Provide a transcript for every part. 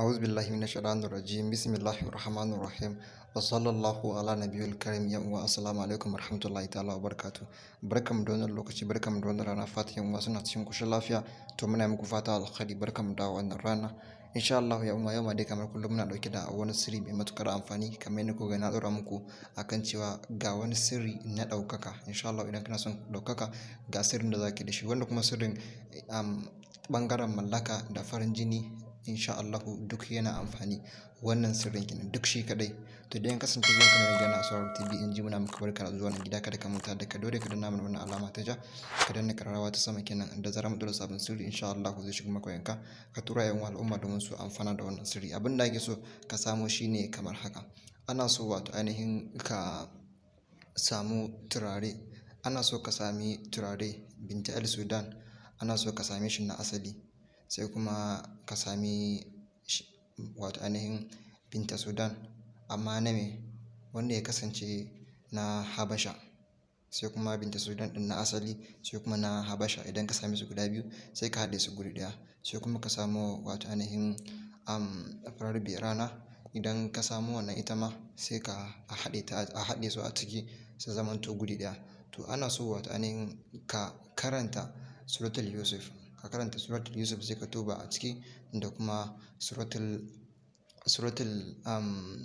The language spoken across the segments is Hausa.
أعوذ بالله من الشيطان الرجيم بسم الله الرحمن الرحيم وصلى الله uwa assalamu alaikum warahmatullahi ta'ala barkam da lokaci barkam da wannan rana fatan yan uwa suna cikin kushin lafiya to muna muku fata alkhairi barkam da wannan rana insha Allah ya umma yau ma dai kamar kullum muna dauke da wani sirri mai matukar amfani kamar yadda kuka na dora muku akan cewa ga wani sirri na daukaka insha idan kana son daukaka ga sirrin da zaki da shi wanda kuma sirrin um, bangaren mallaka da farin jini insha Allahu duk yana amfani wannan sirrin kenan duk shi kadai to idan kasance zuwa kana gana a asawar tv in ji muna bar barka zuwa nan gida kada ka manta da ka dore ka danna mana wannan alama ta ja ka danna kararrawa ta sama kenan da zara mu dora sabon sirri insha Allahu zai shiga maka yanka ka tura yan al'umma domin su amfana da wannan sirri abin da ake so ka samo shine kamar haka ana so wato ainihin ka samu turare ana so ka sami turare binta el sudan ana so ka same shi na asali sai kuma ka sami wato ainihin Binta Sudan amma na me wanda ya kasance na Habasha sai kuma Binta Sudan ɗin na asali sai kuma na Habasha idan ka sami su guda biyu sai ka haɗe su guri ɗaya sai kuma ka samo wato ainihin am farar rana idan ka samo wannan ita ma sai ka haɗe ta a haɗe su a ciki su zamanto guri ɗaya to ana so wato ainihin ka karanta suratul yusuf ka karanta suratul yusuf sai ka tuba a ciki da kuma suratul suratul um,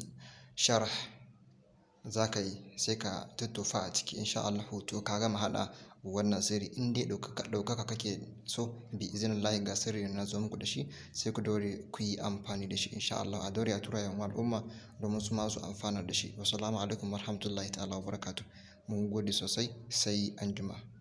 za ka yi sai ka tuttufa a ciki insha Allah to ka gama haɗa wannan sirri in dai ɗaukaka kake so bi izinin layi ga sirri na zo muku da shi sai ku dore ku yi amfani da shi insha Allah a dore a tura yan al'umma domin su ma su amfana da shi wassalamu alaikum warahmatullahi ta'ala barakatu mun gode sosai sai anjima